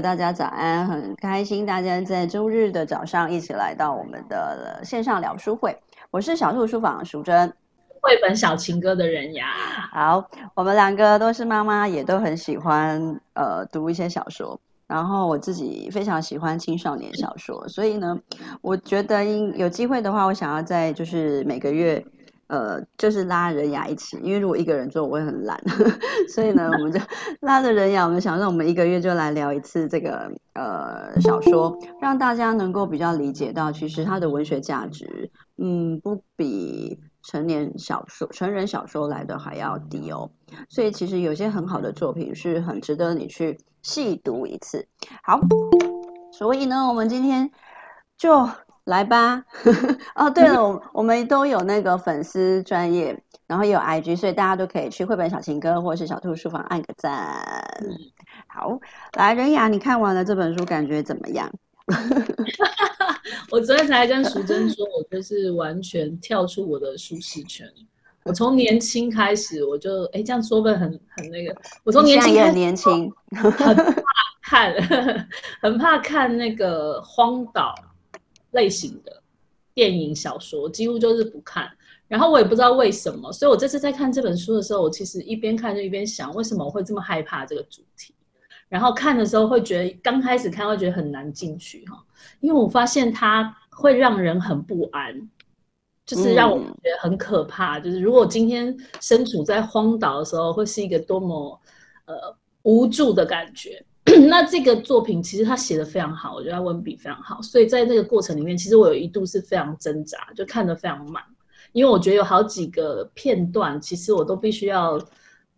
大家早安，很開心大家在周日的早上一起來到我們的線上聊書會。我是小兔書房淑珍，繪本小情歌的人呀。好，我們兩個都是媽媽，也都很喜歡呃讀一些小說，然後我自己非常喜歡青少年小說， 所以呢，我覺得有機會的話，我想要在就是每個月。呃，就是拉人家一起，因為如果一個人做，我會很懶， 所以呢， 我們就拉着人家，我們想讓我們一個月就來聊一次這個呃小說，讓大家能夠比較理解到，其實它的文學價值，嗯，不比成年小說、成人小說來的還要低哦。所以其實有些很好的作品是很值得你去細讀一次。好，所以呢，我們今天就。來吧！ 哦，對了，我們都有那個粉絲專頁， 然後有 IG，所以大家都可以去繪本小情歌或是小兔書房按個讚。 好，來任雅，你看完了這本書，感覺怎麼樣？ 我昨天才跟淑珍說，我就是完全跳出我的舒適圈。我從年輕開始，我就哎、欸，這樣說會很很那個。我從年輕很年輕， 很怕看，很怕看那個荒島。類型的電影、小說我幾乎就是不看，然後我也不知道為什麼，所以我這次在看這本書的時候，我其實一邊看就一邊想，為什麼我會這麼害怕這個主題？然後看的時候會覺得剛開始看會覺得很難進去哈，因為我發現它會讓人很不安，就是讓我覺得很可怕，嗯，就是如果今天身處在荒島的時候，會是一個多麼呃無助的感覺。 那這個作品其實它寫得非常好，我覺得文筆非常好，所以在這個過程裡面，其實我有一度是非常掙扎，就看得非常慢，因為我覺得有好幾個片段，其實我都必須要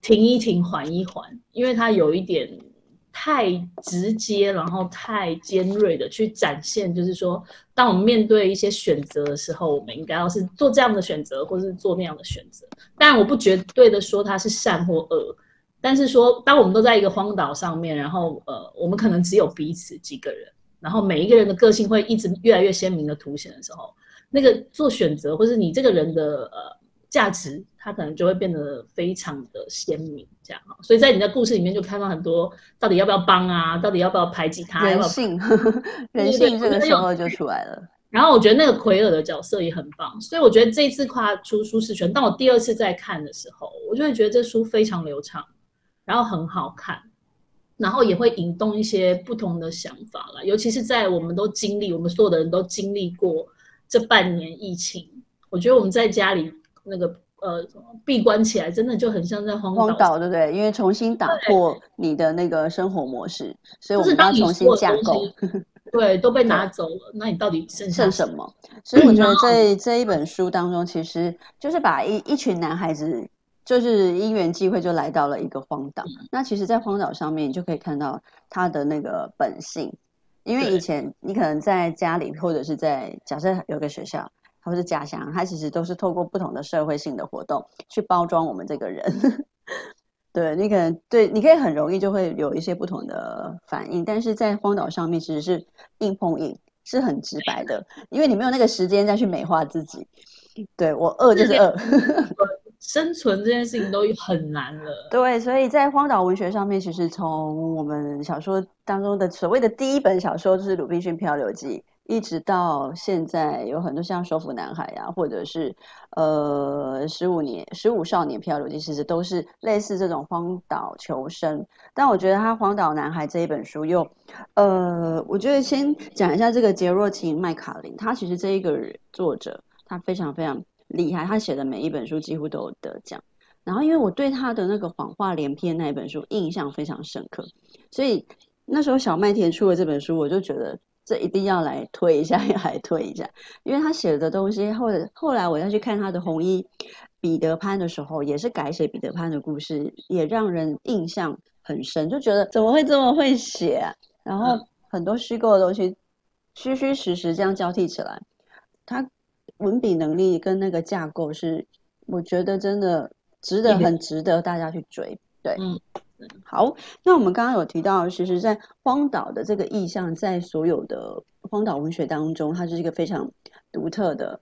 停一停，緩一緩，因為它有一點太直接，然後太尖銳的去展現，就是說，當我們面對一些選擇的時候，我們應該要是做這樣的選擇，或是做那樣的選擇，但我不絕對的說它是善或惡。但是說，當我們都在一個荒島上面，然後呃，我們可能只有彼此幾個人，然後每一個人的個性會一直越來越鮮明的凸顯的時候，那個做選擇，或是你這個人的呃價值，他可能就會變得非常的鮮明，這樣所以在你的故事裡面就看到很多到底要不要幫啊，到底要不要排擠他，人性要要，人性這個時候就出來了。然後我覺得那個奎爾的角色也很棒，所以我覺得這一次跨出舒適圈。當我第二次再看的時候，我就會覺得這書非常流暢。然後很好看，然後也會引動一些不同的想法啦，尤其是在我們都經歷，我們所有的人都經歷過這半年疫情，我覺得我們在家裡那個呃閉關起來，真的就很像在荒島荒島，對不對？因為重新打破你的那個生活模式，所以我們要重新架構。對，都被拿走了，那你到底剩下什麼？什麼？所以我覺得在 這一本書當中，其實就是把一一群男孩子。就是因緣際會就來到了一個荒島，嗯。那其實，在荒島上面，你就可以看到他的那個本性。因為以前你可能在家裡，或者是在假設有個學校，或者是家鄉，他其實都是透過不同的社會性的活動去包裝我們這個人。 對，你可能對，你可以很容易就會有一些不同的反應。但是在荒島上面，其實是硬碰硬，是很直白的，因為你沒有那個時間再去美化自己。對，我餓就是餓。 生存這件事情都很難了、嗯。對，所以在荒島文學上面，其實從我們小說當中的所謂的第一本小說就是《魯濱遜漂流記》，一直到現在有很多像《收服男孩》呀、啊，或者是呃《十五年十五少年漂流記》，其實都是類似這種荒島求生。但我覺得他《荒島男孩》這一本書又，又呃，我覺得先講一下這個杰若琴麥卡林，他其實這一個作者，他非常非常。厲害，他寫的每一本書幾乎都有得獎。然後，因為我對他的那個謊話連篇那一本書印象非常深刻，所以那時候小麥田出了這本書，我就覺得這一定要來推一下，要來推一下。因為他寫的東西，後後來我再去看他的《紅衣彼得潘》的時候，也是改寫彼得潘的故事，也讓人印象很深，就覺得怎麼會這麼會寫啊？然後很多虛構的東西，虛虛實實這樣交替起來，他，文筆能力跟那個架構是，我覺得真的值得，很值得大家去追。對，嗯，好，那我們剛剛有提到，其實，在荒島的這個意象，在所有的荒島文學當中，它是一個非常獨特的，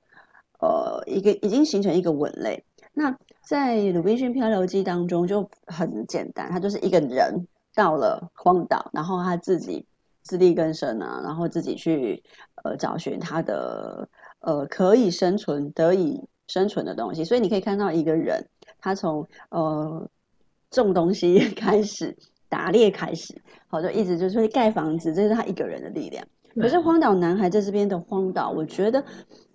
呃，一個已經形成一個文類。那在《魯濱遜漂流記》當中就很簡單，他就是一個人到了荒島，然後他自己自力更生啊，然後自己去呃找尋他的。呃，可以生存得、以生存的東西，所以你可以看到一個人，他從呃種東西開始，打獵開始，好，就一直就是會蓋房子，這是他一個人的力量。嗯、可是荒島男孩在這邊的荒島，我覺得，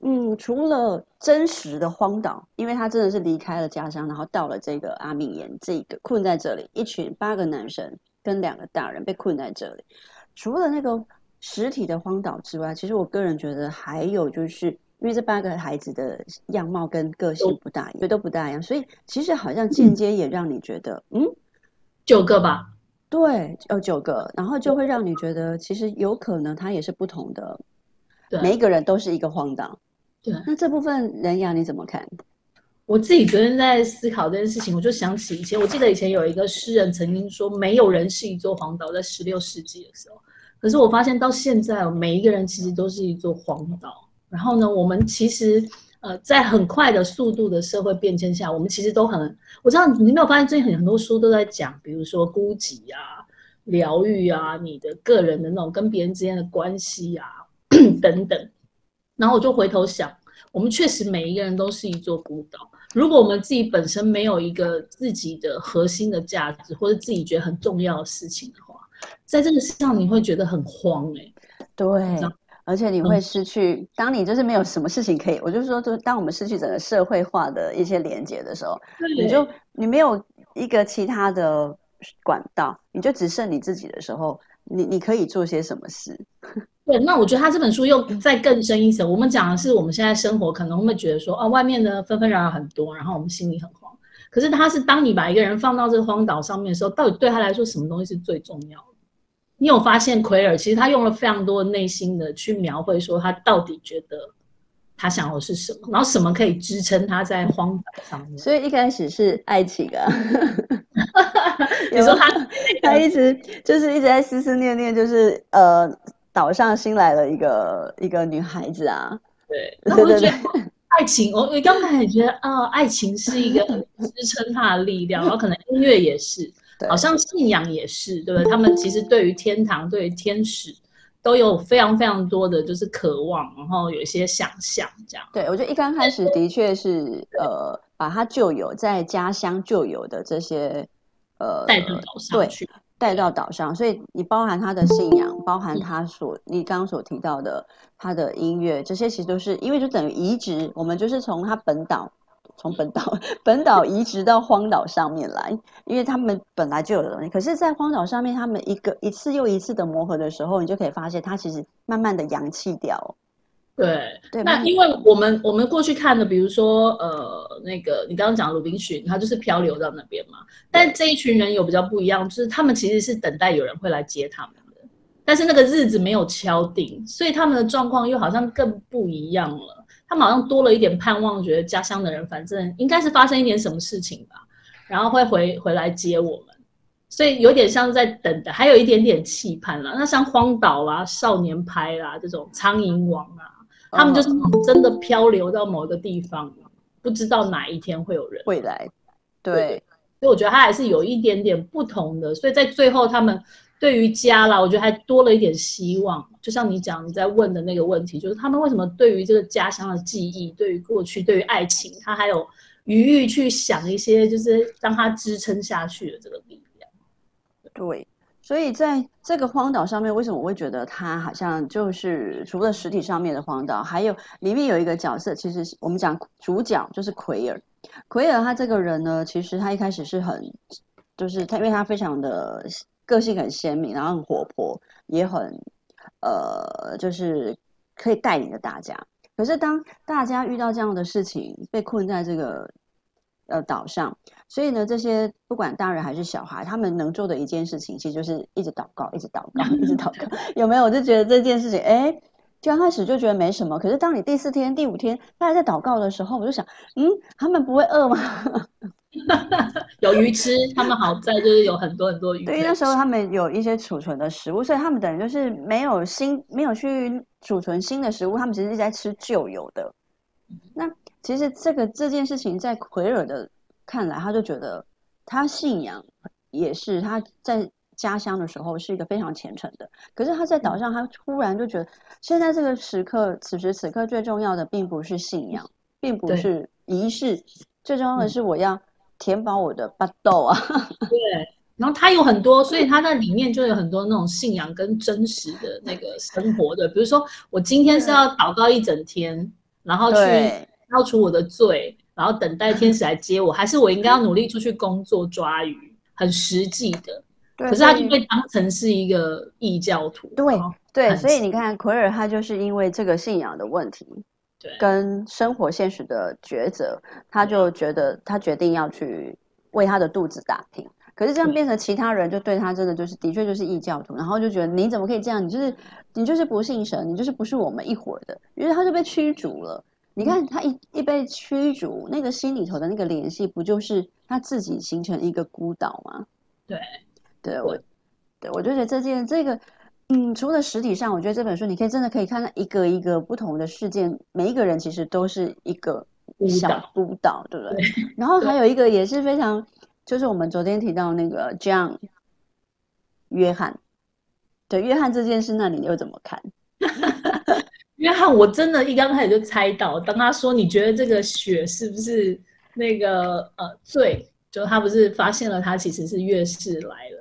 嗯，除了真實的荒島，因為他真的是離開了家鄉，然後到了這個阿明岩，這個困在這裡，一群八個男生跟兩個大人被困在這裡，除了那個。實體的荒島之外，其實我個人覺得還有，就是因為這八個孩子的樣貌跟個性不大一樣，哦、都不大一樣，所以其實好像間接也讓你覺得嗯，嗯，九個吧，對，有、哦、九個，然後就會讓你覺得，其實有可能他也是不同的，每一個人都是一個荒島，對。那這部分人呀，你怎麼看？我自己昨天在思考這件事情，我就想起以前，我記得以前有一個詩人曾經說：“沒有人是一座荒島。”在十六世紀的時候。可是我發現到現在，每一個人其實都是一座荒島。然後呢，我們其實呃，在很快的速度的社會變遷下，我們其實都很……我知道你沒有發現，最近很很多書都在講，比如說孤寂啊、療癒啊、你的個人的那種跟別人之間的關係啊 等等。然後我就回頭想，我們確實每一個人都是一座孤島。如果我們自己本身沒有一個自己的核心的價值，或者自己覺得很重要的事情。在這個世上，你會覺得很慌誒、欸。對，而且你會失去、嗯。當你就是沒有什麼事情可以，我就說，就當我們失去整個社會化的一些連接的時候，你就你沒有一個其他的管道，你就只剩你自己的時候，你你可以做些什麼事？對，那我覺得他這本書又再更深一層。我們講的是我們現在生活，可能會，會覺得說，哦、啊，外面的紛紛擾擾很多，然後我們心裡很慌。可是他是當你把一個人放到這個荒島上面的時候，到底對他來說，什麼東西是最重要的？你有發現奎爾其實他用了非常多的內心的去描繪，說他到底覺得他想要是什麼，然後什麼可以支撐他在荒島上面。所以一開始是愛情啊 ， 你說他 他一直就是一直在思思念念，就是呃島上新來了一個一個女孩子啊，對，然後我就覺得 愛情，我我剛才也覺得啊、呃，愛情是一個很支撐他的力量，然後可能音樂也是。好像信仰也是，對不對？他們其實對於天堂、對於天使，都有非常非常多的就是渴望，然後有一些想象這樣。對，我覺得一剛開始的確是，是呃，把他舊有在家鄉舊有的這些，呃，帶到島上去。對，帶到島上。所以你包含他的信仰，包含他所、嗯、你剛剛所提到的他的音樂，這些其實都是因為就等於移植，我們就是從他本島。從本島本島移植到荒島上面來，因為他們本來就有的東西，可是，在荒島上面，他們一個一次又一次的磨合的時候，你就可以發現，它其實慢慢的洋氣掉。哦對。對，那因為我們我們過去看的，比如說呃，那個你剛剛講的魯濱遜，他就是漂流到那邊嘛。但這一群人有比較不一樣，就是他們其實是等待有人會來接他們的，但是那個日子沒有敲定，所以他們的狀況又好像更不一樣了。他們好像多了一點盼望，覺得家鄉的人反正應該是發生一點什麼事情吧，然後會回回來接我們，所以有點像在等的，還有一點點期盼了。那像荒島啊、少年派啦、啊、這種《蒼蠅王》啊，他們就是真的漂流到某一個地方，不知道哪一天會有人、啊、會來對。對，所以我覺得他還是有一點點不同的。所以在最後，他們對於家啦，我覺得還多了一點希望。就像你講你在問的那個問題，就是他們為什麼對於這個家鄉的記憶，對於過去，對於愛情，他還有餘裕去想一些，就是讓他支撐下去的這個力量對。對，所以在這個荒島上面，為什麼我會覺得他好像就是除了實體上面的荒島，還有裡面有一個角色，其實我們講主角就是奎爾。奎爾他這個人呢，其實他一開始是很，就是他因為他非常的個性很鮮明，然後很活潑，也很。呃，就是可以帶領着大家。可是當大家遇到這樣的事情，被困在這個呃島上，所以呢，這些不管大人還是小孩，他們能做的一件事情，其實就是一直禱告，一直禱告，一直禱告。 有沒有？我就覺得這件事情，哎、欸，就剛開始就覺得沒什麼。可是當你第四天、第五天，大家在禱告的時候，我就想，嗯，他們不會餓嗎？ 有魚吃，他們好在就是有很多很多魚。對，那時候他們有一些儲存的食物，所以他們等於就是沒有新，沒有去儲存新的食物，他們其實一直在吃舊有的。那其實這個這件事情，在奎爾的看來，他就覺得他信仰也是，他在家鄉的時候是一個非常虔誠的。可是他在島上，他突然就覺得現在這個時刻，此時此刻最重要的並不是信仰，並不是儀式，最重要的是我要、嗯。填飽我的巴豆啊！ 對，然後他有很多，所以他在裡面就有很多那種信仰跟真實的那個生活的，比如說我今天是要禱告一整天，然後去消除我的罪，然後等待天使來接我，還是我應該要努力出去工作抓魚，很實際的。對，可是他就被當成是一個異教徒。對、對、對，所以你看奎爾他就是因為這個信仰的問題。跟生活現實的抉擇，他就覺得他決定要去為他的肚子打拼。可是這樣變成其他人就對他真的就是的確就是異教徒，然後就覺得你怎麼可以這樣？你就是你就是不信神，你就是不是我們一夥的。於是他就被驅逐了。你看他一一被驅逐，那個心裡頭的那個聯繫，不就是他自己形成一個孤島嗎？對，對我，對我就覺得這件這個。嗯，除了實體上，我覺得這本書你可以真的可以看到一個一個不同的事件。每一個人其實都是一個小孤島，對不對，對，對？然後還有一個也是非常，就是我們昨天提到那個 John 約翰，對約翰這件事，那你又怎麼看？ 約翰，我真的一剛開始就猜到，當他說你覺得這個血是不是那個呃罪，就他不是發現了他其實是月事來了。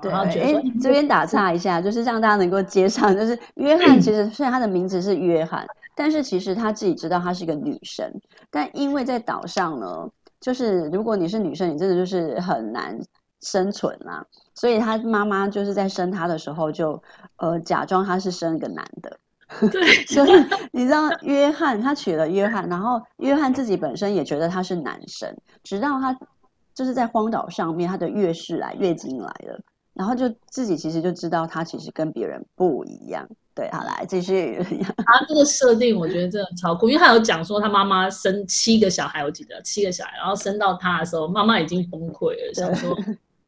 對，然後哎，這邊打岔一下，就是讓大家能夠接上，就是約翰其實雖然他的名字是約翰，嗯、但是其實他自己知道他是一個女生，但因為在島上呢，就是如果你是女生，你真的就是很難生存啦，啊，所以他媽媽就是在生他的時候就呃假裝他是生一個男的，對，所 以你知道約翰他娶了約翰，然後約翰自己本身也覺得他是男生，直到他。就是在荒島上面，他的月事來月經來了，然後就自己其實就知道他其實跟別人不一樣。對，好來繼續。他、 啊、這個設定我覺得真的超酷，因為他有講說他媽媽生七個小孩，我記得七個小孩，然後生到他的時候，媽媽已經崩潰了，想說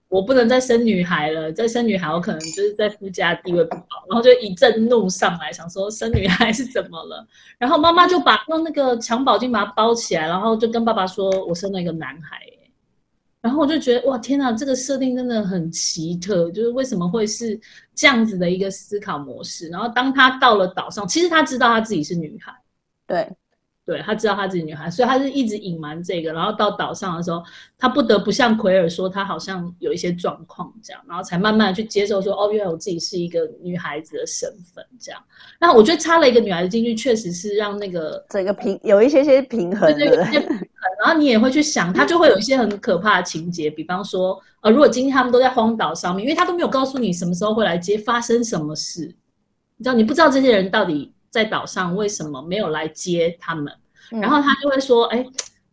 我不能再生女孩了，再生女孩我可能就是在夫家地位不好，然後就一陣怒上來，想說生女孩是怎麼了？然後媽媽就把用那個襁褓巾把它包起來，然後就跟爸爸說：“我生了一個男孩。”然後我就覺得哇，天啊，這個設定真的很奇特，就是為什麼會是這樣子的一個思考模式。然後當他到了島上，其實他知道他自己是女孩，對，對，他知道他自己是女孩，所以他是一直隱瞞這個。然後到島上的時候，他不得不向奎爾說他好像有一些狀況這樣，然後才慢慢去接受說哦，原來我自己是一個女孩子的身份這樣。然後我覺得插了一個女孩子進去，確實是讓那個整、這個平有一些些平衡。對然後你也會去想，他就會有一些很可怕的情節，比方說，呃，如果今天他們都在荒島上面，因為他都沒有告訴你什麼時候會來接，發生什麼事，你知道，你不知道這些人到底在島上為什麼沒有來接他們。嗯、然後他就會說，哎、欸，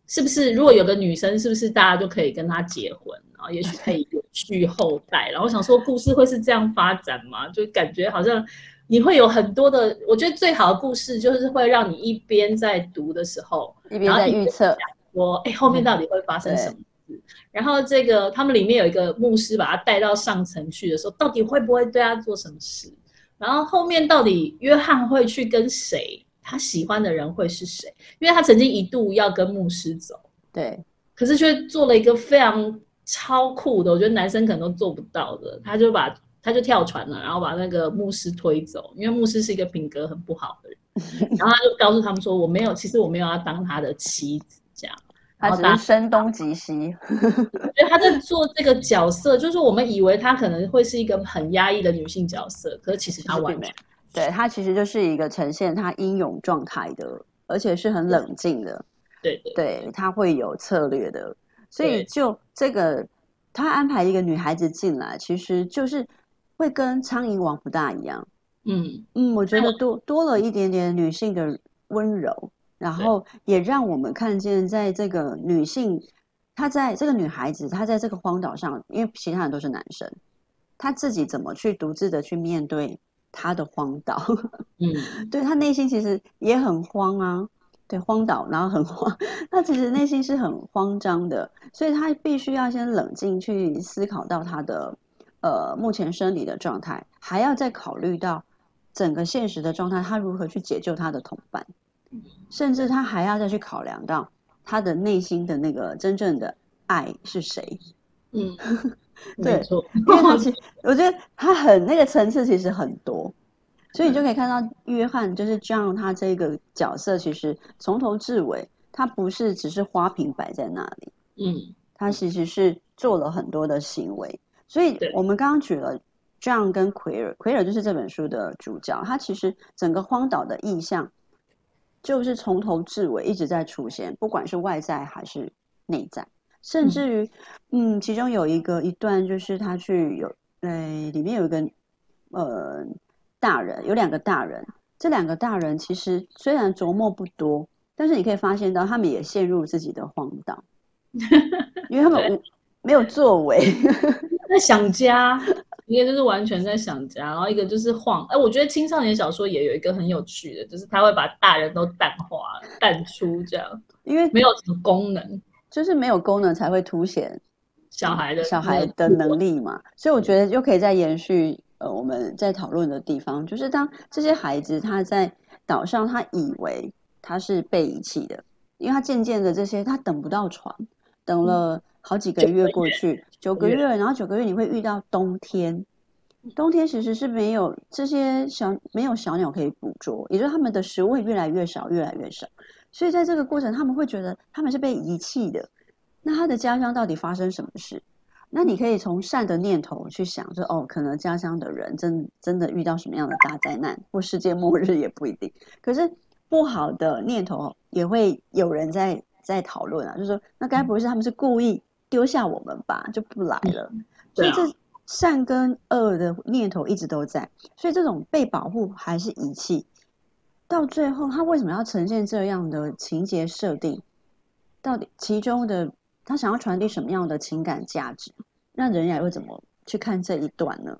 是不是如果有個女生，是不是大家就可以跟他結婚，然後也許可以延續後代？嗯、然後我想說故事會是這樣發展嗎？就感覺好像你會有很多的，我覺得最好的故事就是會讓你一邊在讀的時候，一邊在預測。我，哎、欸，後面到底會發生什麼事？事？然後這個他們裡面有一個牧師，把他帶到上層去的時候，到底會不會對他做什麼事？然後後面到底約翰會去跟誰？他喜歡的人會是誰？因為他曾經一度要跟牧師走，對，可是卻做了一個非常超酷的，我覺得男生可能都做不到的。他就把他就跳船了，然後把那個牧師推走，因為牧師是一個品格很不好的人。 然後他就告訴他們說：“我沒有，其實我沒有要當他的妻子。”他只是聲東擊西，我覺得他在做這個角色，就是我們以為他可能會是一個很壓抑的女性角色，可是其實他完美。對，他其實就是一個呈現他英勇狀態的，而且是很冷靜的。對對、對、對，他會有策略的，所以就這個他安排一個女孩子進來，其實就是會跟蒼蠅王不大一樣。嗯嗯，我覺得多、那個、多了一點點女性的溫柔。然後也讓我們看見，在這個女性，她在這個女孩子，她在這個荒島上，因為其他人都是男生，她自己怎麼去獨自的去面對她的荒島？嗯， 對她內心其實也很慌啊，對，荒島，然後很慌，她其實內心是很慌張的， 所以她必須要先冷靜去思考到她的呃目前生理的狀態，還要再考慮到整個現實的狀態，她如何去解救她的同伴。甚至他還要再去考量到他的內心的那個真正的愛是誰。嗯， 對沒錯。我 覺得，我覺得他很那個層次其實很多，所以你就可以看到約翰就是 John 他這個角色其實從頭至尾他不是只是花瓶擺在那裡。嗯，他其實是做了很多的行為。所以我們剛剛舉了 John 跟奎爾，奎爾就是這本書的主角，他其實整個荒島的意象。就是從頭至尾一直在出現，不管是外在還是內在，甚至於，嗯，嗯其中有一個一段就是他去有，誒、哎、裡面有一個呃大人，有兩個大人，這兩個大人其實雖然琢磨不多，但是你可以發現到他們也陷入自己的荒島， 因為他們。 沒有作為， 在想家，一個就是完全在想家，然後一個就是晃。哎、呃，我覺得青少年小說也有一個很有趣的，就是他會把大人都淡化，淡出這樣，因為沒有什麼功能，就是沒有功能才會凸顯小孩的，嗯，小孩的能力嘛，嗯。所以我覺得就可以再延續呃我們在討論的地方，就是當這些孩子他在島上，他以為他是被遺棄的，因為他漸漸的這些他等不到船。等了好幾個月過去，嗯，九個月，九個月，九個月，然後九個月你會遇到冬天，冬天其實是沒有這些小沒有小鳥可以捕捉，也就是它們的食物越來越少，越來越少，所以在這個過程，他們會覺得他們是被遺棄的。那他的家鄉到底發生什麼事？那你可以從善的念頭去想說，說哦，可能家鄉的人真真的遇到什麼樣的大災難，或世界末日也不一定。可是不好的念頭也會有人在。在討論啊，就是、說，那該不會是他們是故意丟下我們吧，嗯、就不來了、嗯啊？所以這善跟惡的念頭一直都在。所以這種被保護還是遺棄，到最後他為什麼要呈現這樣的情節設定？到底其中的他想要傳遞什麼樣的情感價值？那人家又怎麼去看這一段呢？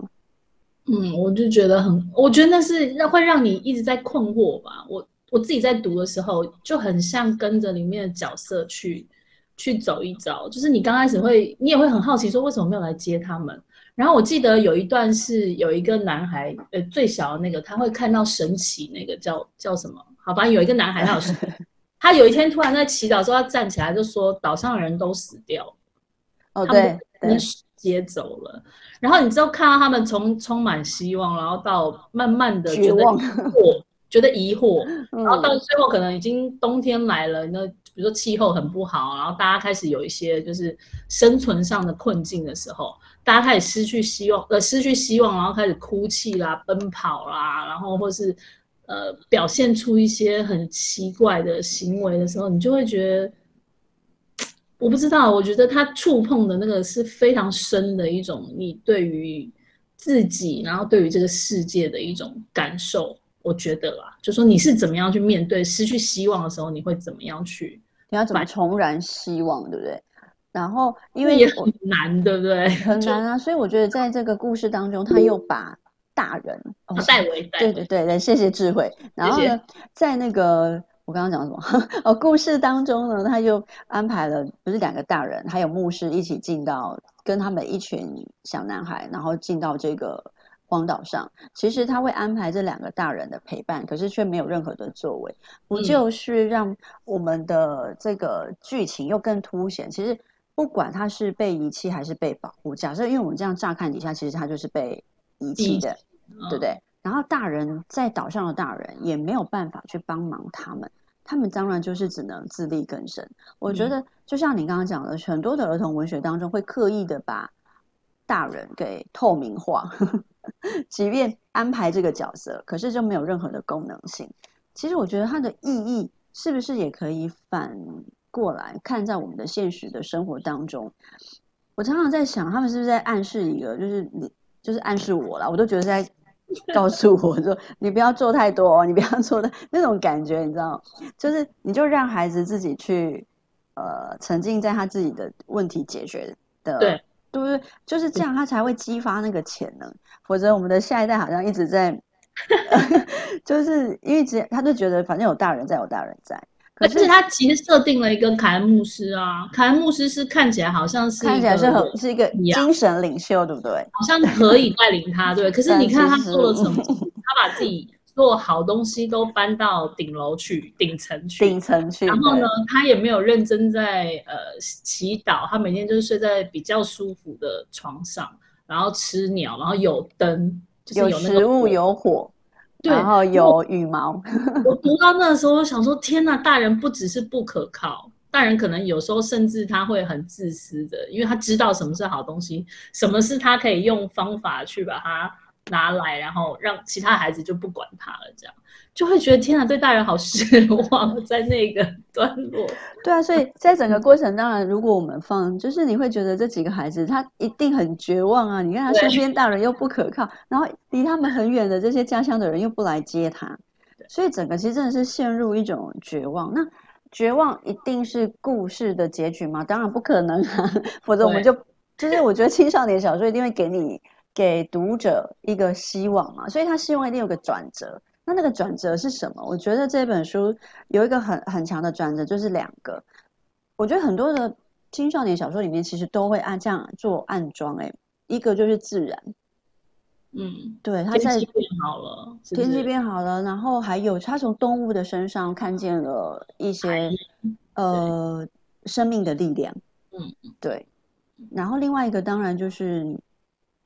嗯，我就覺得很，我覺得那是那會讓你一直在困惑吧。我。我自己在讀的時候，就很像跟着裡面的角色去去走一走。就是你剛開始會，你也會很好奇，說為什麼沒有來接他們。然後我記得有一段是有一個男孩，呃，最小的那個，他會看到神奇那個叫叫什麼？好吧，有一個男孩，他有 他有一天突然在祈禱說，他站起來就說，島上的人都死掉了，哦，對，被接走了。然後你知道看到他們從充滿希望，然後到慢慢的絕望。覺得疑惑，然後到最後可能已經冬天來了，那比如說氣候很不好，然後大家開始有一些就是生存上的困境的時候，大家開始失去希望，呃，失去希望，然後開始哭泣啦、奔跑啦，然後或是呃表現出一些很奇怪的行為的時候，你就會覺得，我不知道，我覺得他觸碰的那個是非常深的一種你對於自己，然後對於這個世界的一種感受。我覺得啦，就說你是怎麼樣去面對失去希望的時候，你會怎麼樣去？你要怎麼重燃希望，對不對？然後因為也很難，對不對？很難啊，所以我覺得在這個故事當中，他又把大人哦，帶回帶回對對對對，謝謝智慧。謝謝然後呢，在那個我剛剛講什麼 哦，故事當中呢，他就安排了不是兩個大人，還有牧師一起進到跟他們一群小男孩，然後進到這個。荒島上，其實他會安排這兩個大人的陪伴，可是卻沒有任何的作為，不就是讓我們的這個劇情又更凸顯？其實不管他是被遺棄還是被保護，假設因為我們這樣乍看底下，其實他就是被遺棄的，嗯，對不對？嗯。然後大人在島上的大人也沒有辦法去幫忙他們，他們當然就是只能自力更生。我覺得就像你剛剛講的，很多的兒童文學當中會刻意的把。大人給透明化， 即便安排這個角色，可是就沒有任何的功能性。其實我覺得它的意義是不是也可以反過來看在我們的現實的生活當中？我常常在想，他們是不是在暗示一個，就是你就是暗示我啦，我都覺得在告訴我說 你、哦，你不要做太多你不要做的那種感覺，你知道，就是你就讓孩子自己去，呃，沉浸在他自己的問題解決的對。對不對？就是這樣，他才會激發那個潛能。否則，我們的下一代好像一直在， 呃、就是一直，他就覺得反正有大人在，有大人在。可是他其實設定了一個凱恩牧師啊，凱恩牧師是看起來好像是看起來是很是一個精神領袖、啊，對不對？好像可以帶領他，對。對可是你看他做了成績， 他把自己。做好東西都搬到頂樓去，頂層去，頂層去。然後呢，他也沒有認真在呃祈禱，他每天就是睡在比較舒服的床上，然後吃鳥，然後有燈，就是有食物有火，然後有羽毛。我，我讀到那時候，我想說，天哪，啊，大人不只是不可靠，大人可能有時候甚至他會很自私的，因為他知道什麼是好東西，什麼是他可以用方法去把它。拿來，然後讓其他孩子就不管他了，這樣就會覺得天啊，對大人好失望。在那個段落，對啊，所以在整個過程當然，如果我們放、嗯，就是你會覺得這幾個孩子他一定很絕望啊！你看他身邊大人又不可靠，然後離他們很遠的這些家鄉的人又不來接他，對，所以整個其實真的是陷入一種絕望。那絕望一定是故事的結局嗎？當然不可能啊，否則我們就就是我覺得青少年小說一定會給你。給讀者一個希望嘛，所以他希望一定有個轉折。那那個轉折是什麼？我覺得這本書有一個很很強的轉折，就是兩個。我覺得很多的青少年小說裡面其實都會按這樣做暗裝、欸，誒一個就是自然，嗯，對，他現在變好了，天氣變好了，是不是？然後還有他從動物的身上看見了一些呃生命的力量，嗯，對嗯，然後另外一個當然就是。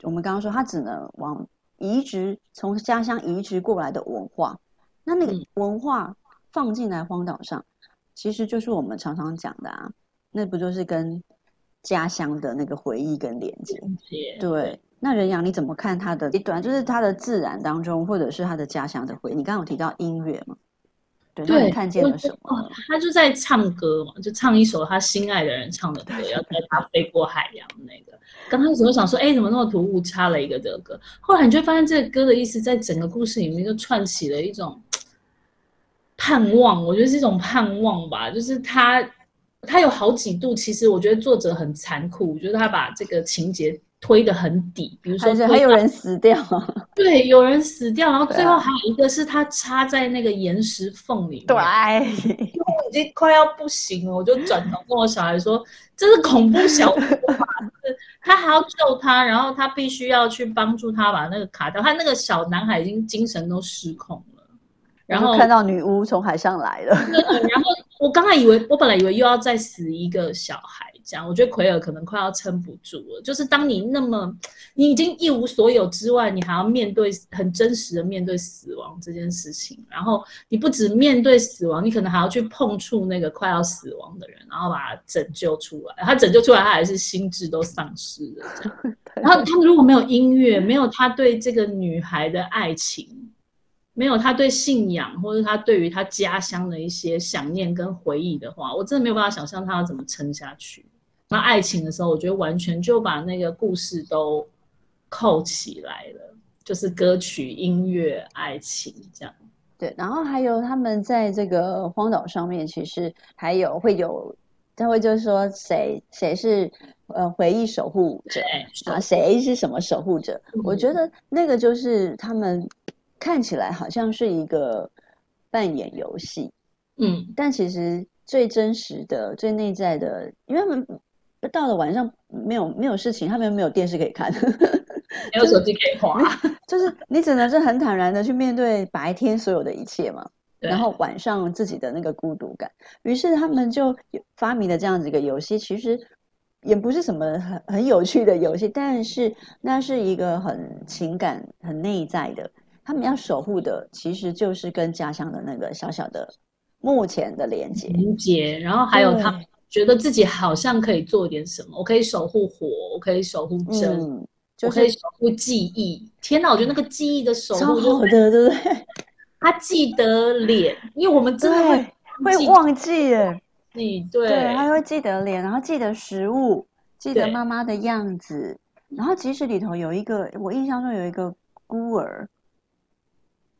我們剛剛說，他只能往移植，從家鄉移植過來的文化，那那個文化放進來荒島上、嗯，其實就是我們常常講的啊，那不就是跟家鄉的那個回憶跟連接？對，那人洋你怎麼看他的一段，就是他的自然當中，或者是他的家鄉的回憶？你剛剛有提到音樂嗎？對，對，看見了什麼？他、哦、就在唱歌嘛，就唱一首他心愛的人唱的歌，要 帶他飛過海洋。那個剛開始我想說，哎，怎麼那麼突兀插了一個這個歌？後來你就會發現這個歌的意思在整個故事裡面就串起了一種盼望。我覺得是一種盼望吧，就是他他有好幾度，其實我覺得作者很殘酷，我覺得他把這個情節推得很底。比如說，還，還有人死掉。對，有人死掉，然後最後還有一個是他插在那個岩石縫裡，對，因為我已經快要不行了。我就轉頭跟我小孩說：“ 這是恐怖小屋嘛，就是、他還要救他，然後他必須要去幫助他把那個卡掉。他那個小男孩已經精神都失控了，然後看到女巫從海上來了。 然後我剛才以為，我本來以為又要再死一個小孩。”講，我覺得奎爾可能快要撐不住了，就是當你那麼，你已經一無所有之外，你還要面對很真實的面對死亡這件事情。然後你不止面對死亡，你可能還要去碰觸那個快要死亡的人，然後把他拯救出來。他拯救出來，他還是心智都喪失了。然後 他，他如果沒有音樂，沒有他對這個女孩的愛情，沒有他對信仰，或者他對於他家鄉的一些想念跟回憶的話，我真的沒有辦法想象他要怎麼撐下去。那愛情的時候，我覺得完全就把那個故事都扣起來了，就是歌曲、音樂、愛情這樣。對，然後還有他們在這個荒島上面，其實還有會有，他們會就是說誰誰是呃回憶守護者，誰是什麼守護者？嗯。我覺得那個就是他們看起來好像是一個扮演遊戲。嗯，嗯，但其實最真實的、最內在的，因為我們。到了晚上沒有沒有事情，他們沒有電視可以看， 就是、沒有手機可以滑， 就是你只能是很坦然的去面對白天所有的一切嘛。然後晚上自己的那個孤獨感，於是他們就發明了這樣子一個遊戲，其實也不是什麼很很有趣的遊戲，但是那是一個很情感很內在的。他們要守護的其實就是跟家鄉的那個小小的目前的連接，連接。然後還有他們。覺得自己好像可以做點什麼。我可以守護火，我可以守護真、嗯，就是，我可以守護記憶。天哪，我覺得那個記憶的守護、就是嗯、超好的，對不對？他記得臉，因為我們真的會忘會忘記耶。你對，對，他會記得臉，然後記得食物，記得媽媽的樣子。然後其實裡頭有一個，我印象中有一個孤兒，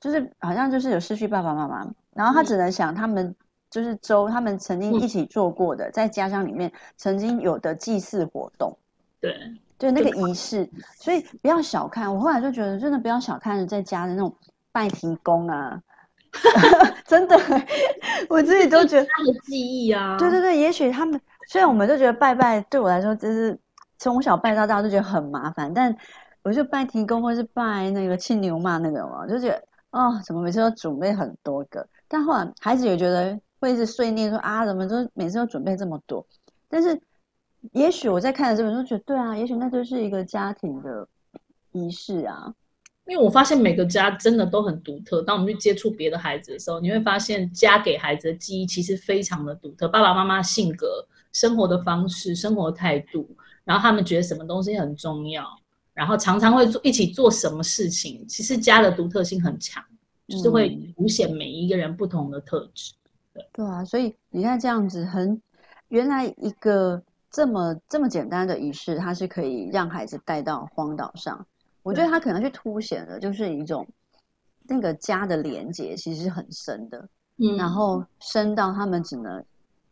就是好像就是有失去爸爸媽媽，然後他只能想他們。就是周他們曾經一起做過的，嗯、在家鄉裡面曾經有的祭祀活動，對，對那個儀式，所以不要小看。我後來就覺得，真的不要小看在家的那種拜天公啊， 真的，我自己都覺得。他的記憶啊。對對對，也許他們雖然我們都覺得拜拜對我來說，就是從小拜到大都覺得很麻煩，但我就拜天公或是拜那個青牛嘛那種、個、啊，就覺得哦，怎麼每次都準備很多個？但後來孩子也覺得。會一直碎念說啊，怎麼就每次都準備這麼多？但是也許我在看的時候，我就覺得，對啊，也許那就是一個家庭的儀式啊。因為我發現每個家真的都很獨特。當我們去接觸別的孩子的時候，你會發現家給孩子的記憶其實非常的獨特。爸爸媽媽性格、生活的方式、生活態度，然後他們覺得什麼東西很重要，然後常常會做一起做什麼事情。其實家的獨特性很強，就是會凸顯每一個人不同的特質。嗯對啊，所以你看這樣子很、很原來一個這麼這麼簡單的儀式，它是可以讓孩子帶到荒島上。我覺得他可能去凸顯的就是一種那個家的連結，其實是很深的。嗯。然後深到他們只能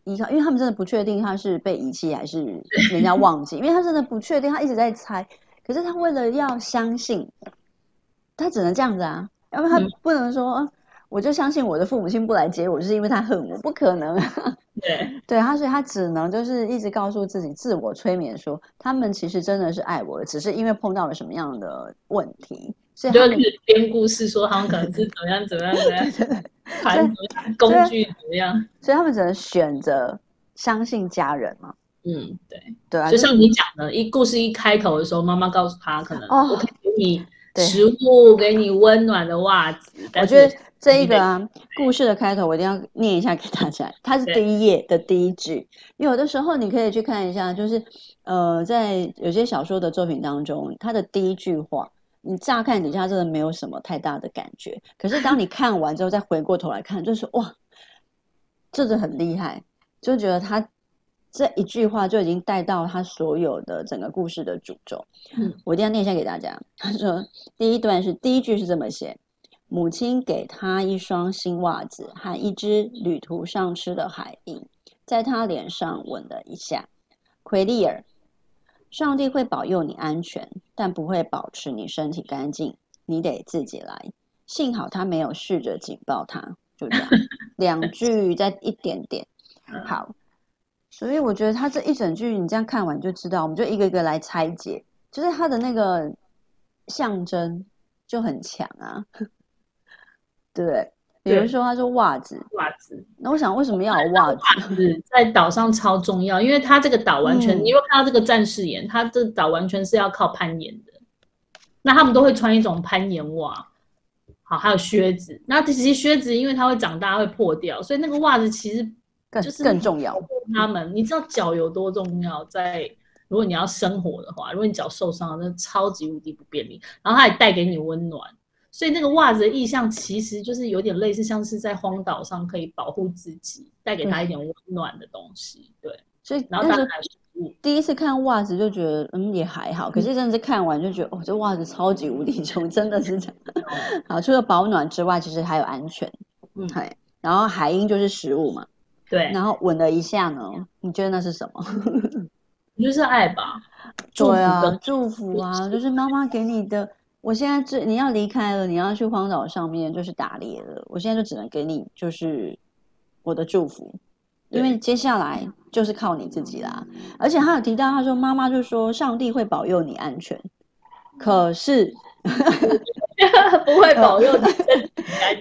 依靠，因為他們真的不確定他是被遺棄還是人家忘記，因為他真的不確定，他一直在猜。可是他為了要相信，他只能這樣子啊，要不然他不能說。嗯我就相信我的父母親不來接我，是因為他恨我，不可能。對， 對他，所以他只能就是一直告訴自己，自我催眠說，說他們其實真的是愛我的，只是因為碰到了什麼樣的問題，所以，他以、就是、編故事說他們可能是怎麼樣怎麼樣，怎麼樣 對對對對，的工具怎麼樣所，所以他們只能選擇相信家人嘛。嗯，對對啊，就像你講的一，故事一開頭的時候，媽媽告訴他，可能我可以給你食物、哦，給你溫暖的襪子，我覺得。這一個啊，故事的開頭我一定要念一下給大家，它是第一頁的第一句。有的時候你可以去看一下，就是呃，在有些小說的作品當中，它的第一句話，你乍看底下真的沒有什麼太大的感覺。可是當你看完之後，再回過頭來看，就是哇，這真的很厲害，就覺得他這一句話就已經帶到他所有的整個故事的主軸。我一定要念一下給大家。他說，第一段是第一句是這麼寫。母親給他一雙新襪子和一只旅途上吃的海鸚，在他臉上吻了一下。奎利爾，上帝會保佑你安全，但不會保持你身體乾淨，你得自己來。幸好她沒有試着警報他，他就這樣 兩句，再一點點好。所以我覺得他這一整句，你這樣看完就知道，我們就一個一個來拆解，就是他的那個象徵就很強啊。對，對，比如說他說襪子，襪子。那我想，為什麼要有襪子？襪子在島上超重要，因為它這個島完全，你又看到這個戰士岩，他這島完全是要靠攀岩的。那他們都會穿一種攀岩襪，好，還有靴子。嗯、那其實靴子因為它會長大會破掉，所以那個襪子其實、就是、更更重要。他們，你知道腳有多重要在？在如果你要生活的話，如果你腳受傷，那超級無敵不便利。然後它也帶給你溫暖。所以那個襪子的意象其實就是有點類似，像是在荒島上可以保護自己，帶給他一點溫暖的東西。嗯、對，所以然後他開始第一次看襪子就覺得，嗯，也還好、嗯。可是真的是看完就覺得，哦，這襪子超級無敵重、嗯、真的是這樣、嗯。好，除了保暖之外，其實還有安全。嗯，對。然後海鸚就是食物嘛。對。然後吻了一下呢，你覺得那是什麼？ 就是愛吧？對啊、祝福，祝福啊，就是媽媽給你的。我現在這，你要離開了，你要去荒島上面就是打獵了。我現在就只能給你就是我的祝福，因為接下來就是靠你自己啦。嗯、而且他有提到，他說媽媽就說，上帝會保佑你安全，可是、嗯、 不會保佑你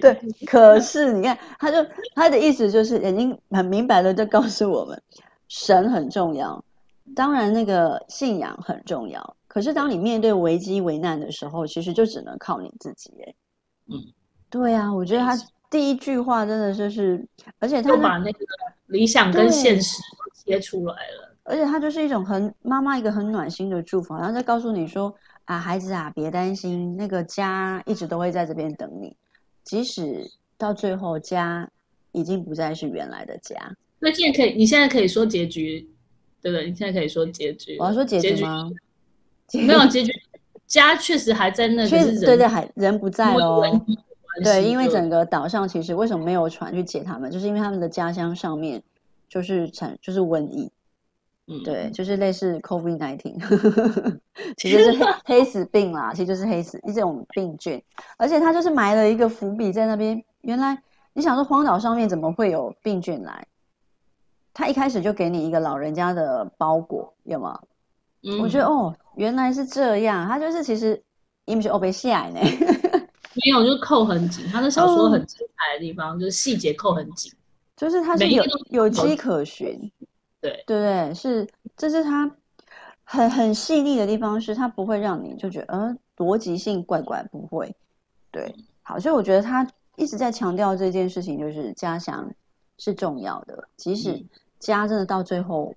對， 可是你看，他就他的意思就是，已經很明白的就告訴我們，神很重要，當然那個信仰很重要。可是當你面對危機危難的時候，其實就只能靠你自己、欸、嗯，對啊，我覺得他第一句話真的就是，而且他那把那個理想跟現實接出來了。而且他就是一種很媽媽一個很暖心的祝福，然後再告訴你說啊，孩子啊，別擔心，那個家一直都會在這邊等你，即使到最後家已經不再是原來的家。那現在可以，你現在可以說結局，對不對？你現在可以說結局。我要說結局嗎？ 沒有結局，家確實還在那裡，對對，還人不在哦，對，因為整個島上其實為什麼沒有船去接他們，就是因為他們的家鄉上面就是產就是瘟疫、嗯，對，就是類似 COVID n i t 其實是黑，黑死病啦，其實就是黑死一種病菌，而且他就是埋了一個伏筆在那邊，原來你想說荒島上面怎麼會有病菌來？他一開始就給你一個老人家的包裹，有嗎、嗯？我覺得哦。原來是這樣，他就是其實，image o v e shy 呢， 沒有就是、扣很緊。他的小說很精彩的地方、嗯、就是細節扣很緊，就是他是有有跡可循，對對對，是這是他很很細膩的地方，是他不會讓你就覺得呃邏輯性怪怪，不會對。好，所以我覺得他一直在強調這件事情，就是家鄉是重要的，即使家真的到最後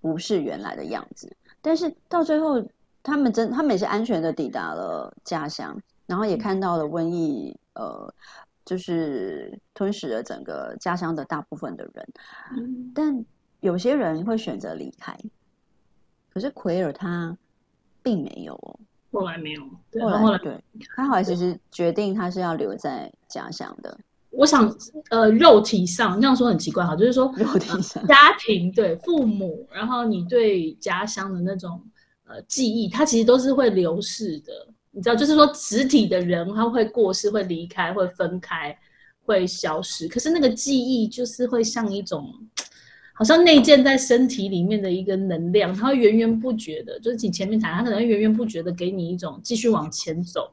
不是原來的樣子。嗯但是到最後，他們真他們也是安全的抵達了家鄉，然後也看到了瘟疫，呃，就是吞噬了整個家鄉的大部分的人。但有些人會選擇離開，可是奎爾他並沒有，哦，後來沒有，對後來，後來對，他後來其實決定他是要留在家鄉的。我想，呃，肉體上這樣說很奇怪哈，就是說，肉體上呃、家庭，對，父母，然後你對家鄉的那種呃記憶，它其實都是會流逝的，你知道，就是說，實體的人他會過世、會離開、會分開、會消失，可是那個記憶就是會像一種，好像內建在身體裡面的一個能量，它會源源不絕的，就是你前面談，它可能會源源不絕的給你一種繼續往前走。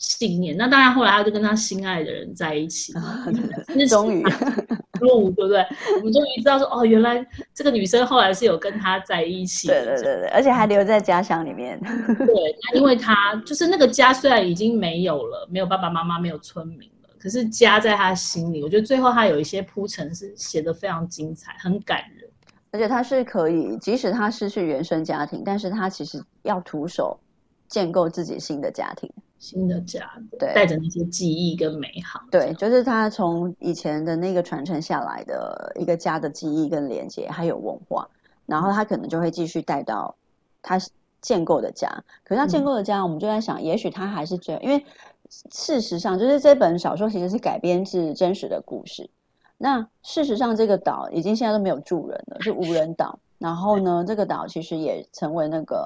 信念，那當然，後來他就跟他心愛的人在一起。終、嗯、於、嗯嗯嗯嗯嗯 落伍，對不對？我們終於知道說，哦，原來這個女生後來是有跟他在一起。對對對對，而且還留在家鄉裡面。對，因為他就是那個家，雖然已經沒有了，沒有爸爸媽媽，沒有村民了，可是家在他心裡。我覺得最後他有一些鋪陳是寫得非常精彩，很感人。而且他是可以，即使他失去原生家庭，但是他其實要徒手建構自己新的家庭。新的家，對，帶着那些記憶跟美好。對，就是他從以前的那個傳承下來的一個家的記憶跟連結，還有文化，然後他可能就會繼續帶到他建構的家。可是他建構的家，嗯、我們就在想，也許他還是這樣，因為事實上，就是這本小說其實是改編自真實的故事。那事實上，這個島已經現在都沒有住人了，是無人島。 然後呢，這個島其實也成為那個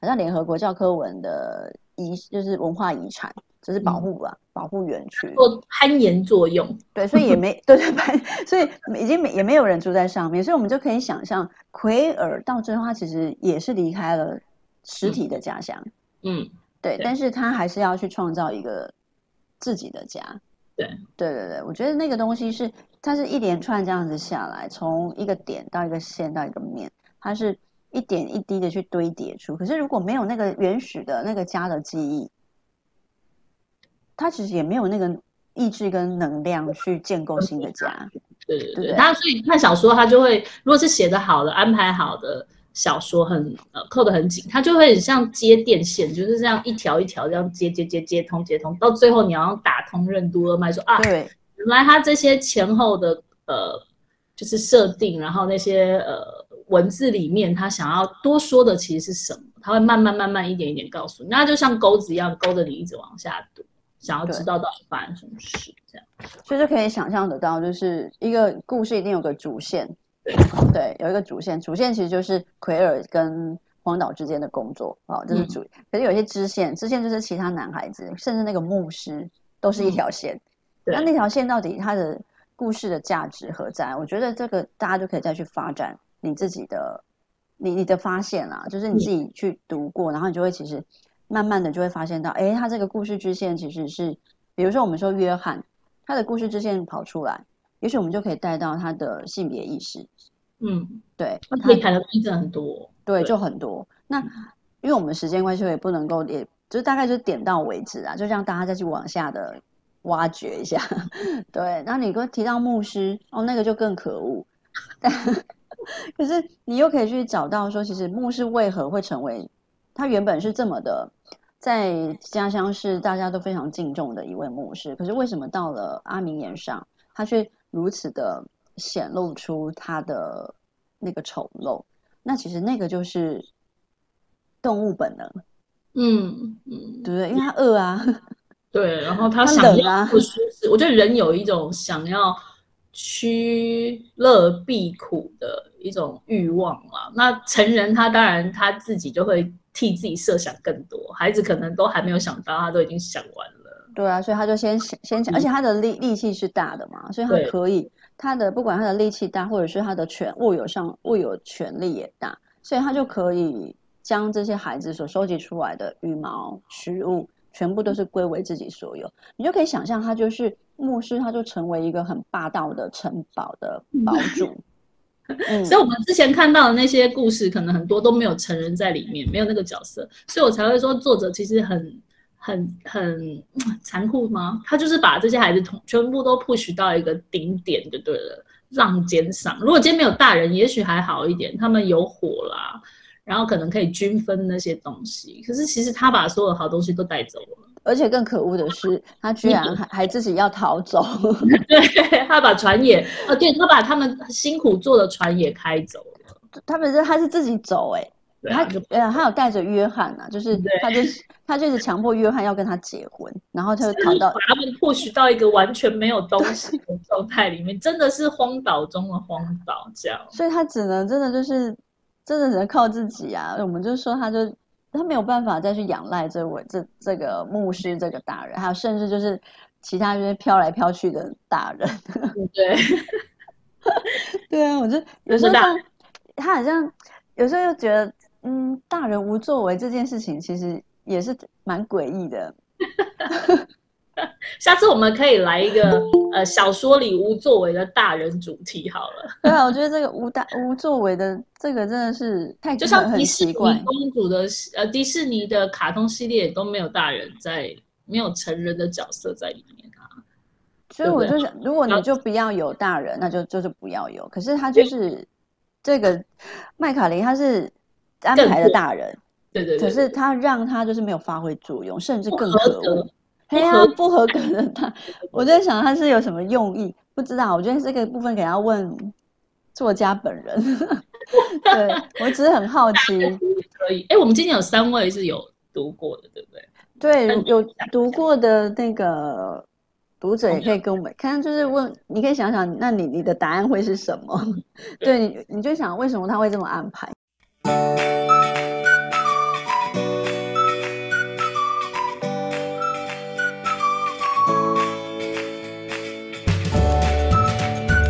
好像聯合國教科文的。遺就是文化遺產，就是保護吧，嗯、保護園區做攀岩作用。對，所以也沒 對對，所以已經沒也沒有人住在上面，所以我們就可以想象奎爾到這，他，其實也是離開了實體的家鄉。嗯對，對，但是他還是要去創造一個自己的家。對對對對，我覺得那個東西是它是一連串這樣子下來，從一個點到一個線到一個面，它是。一點一滴的去堆疊出，可是如果沒有那個原始的那個家的記憶，他其實也沒有那個意志跟能量去建構新的家。對對對。對對對他所以看小說，他就會如果是寫得好的，安排好的小說很，呃、扣得很扣的很緊，他就會很像接電線，就是這樣一條一條這樣接接接接通接通，到最後你要打通任督二脈，說啊對，原來他這些前後的呃就是設定，然後那些呃。文字裡面他想要多說的其實是什麼？他會慢慢慢慢一點一點告訴你，那就像鈎子一樣勾着你一直往下讀，想要知道到底發生什麼事，這樣。所以就可以想象得到，就是一個故事一定有個主線對，對，有一個主線。主線其實就是奎爾跟荒島之間的工作啊，這是主、嗯。可是有些支線，支線就是其他男孩子，甚至那個牧師，都是一條線、嗯對。那那條線到底它的故事的價值何在？我覺得這個大家就可以再去發展。你自己的，你你的發現啊，就是你自己去讀過、嗯，然後你就會其實慢慢的就會發現到，哎，他這個故事支線其實是，比如說我們說約翰，他的故事支線跑出來，也許我們就可以帶到他的性別意識。嗯，對，他談的點子很多，對，就很多。那、嗯、因為我們時間關係，也不能夠也，也就大概就點到為止啊，就讓大家再去往下的挖掘一下。 對，那你會提到牧師，哦，那個就更可惡。 但 可是你又可以去找到說，其實牧師為何會成為他原本是這麼的，在家鄉是大家都非常敬重的一位牧師。可是為什麼到了阿明眼上，他卻如此的顯露出他的那個醜陋？那其實那個就是動物本能。嗯嗯，對不對？因為他餓啊。對，然後他想啊，我覺得人有一種想要。趨樂避苦的一種慾望嘛，那成人他當然他自己就會替自己設想更多，孩子可能都還沒有想到，他都已經想完了。對啊，所以他就先先想，而且他的力力氣是大的嘛，所以他可以他的不管他的力氣大，或者是他的權物有上物有權力也大，所以他就可以將這些孩子所收集出來的羽毛食物，全部都是歸為自己所有，你就可以想象他就是牧師，他就成為一個很霸道的城堡的堡主、 嗯。所以，我們之前看到的那些故事，可能很多都沒有成人在裡面，沒有那個角色，所以我才會說，作者其實很、很、很、呃、殘酷嗎？他就是把這些孩子全部都 push 到一個頂點就對了，浪尖上。如果今天沒有大人，也許還好一點，他們有火啦。然後可能可以均分那些東西，可是其實他把所有好東西都帶走了，而且更可惡的是，啊、他居然還還自己要逃走，對他把船也啊、 哦，對他把他們辛苦做的船也開走了，他們是他是自己走哎、欸啊，他呃他有帶着約翰啊，就是他就他就是強迫約翰要跟他結婚，然後他就逃到把他們 push 到一個完全沒有東西的狀態裡面， 真的是荒島中的荒島這樣，所以他只能真的就是。真的只能靠自己啊！我們就說他就，就他沒有辦法再去仰賴這位這這個牧師這個大人，還有甚至就是其他這些飄來飄去的大人，對 對啊，我就有時候、就是、他好像有時候又覺得，嗯，大人無作為這件事情其實也是蠻詭異的。 下次我們可以來一個。呃，小說裡無作為的大人主題好了。對啊，我覺得這個無大無作為的，這個真的是太很奇怪。就像迪士尼公主的呃迪士尼的卡通系列都沒有大人在，沒有成人的角色在裡面啊。對對，所以我就想，如果你就不要有大人，那就就是不要有。可是他就是這個麥卡林，他是安排的大人，對對，對，對，對對。可是他讓他就是沒有發揮作用，甚至更可惡。哎呀，不合格的他， 我在想他是有什麼用意，不知道。我覺得這個部分給他問作家本人， 對，我只是很好奇。可以，哎，我們今天有三位是有讀過的，對不對？對，有讀過的那個讀者也可以跟我們，看就是問，你可以想想，那你你的答案會是什麼？對，對，你你就想為什麼他會這麼安排。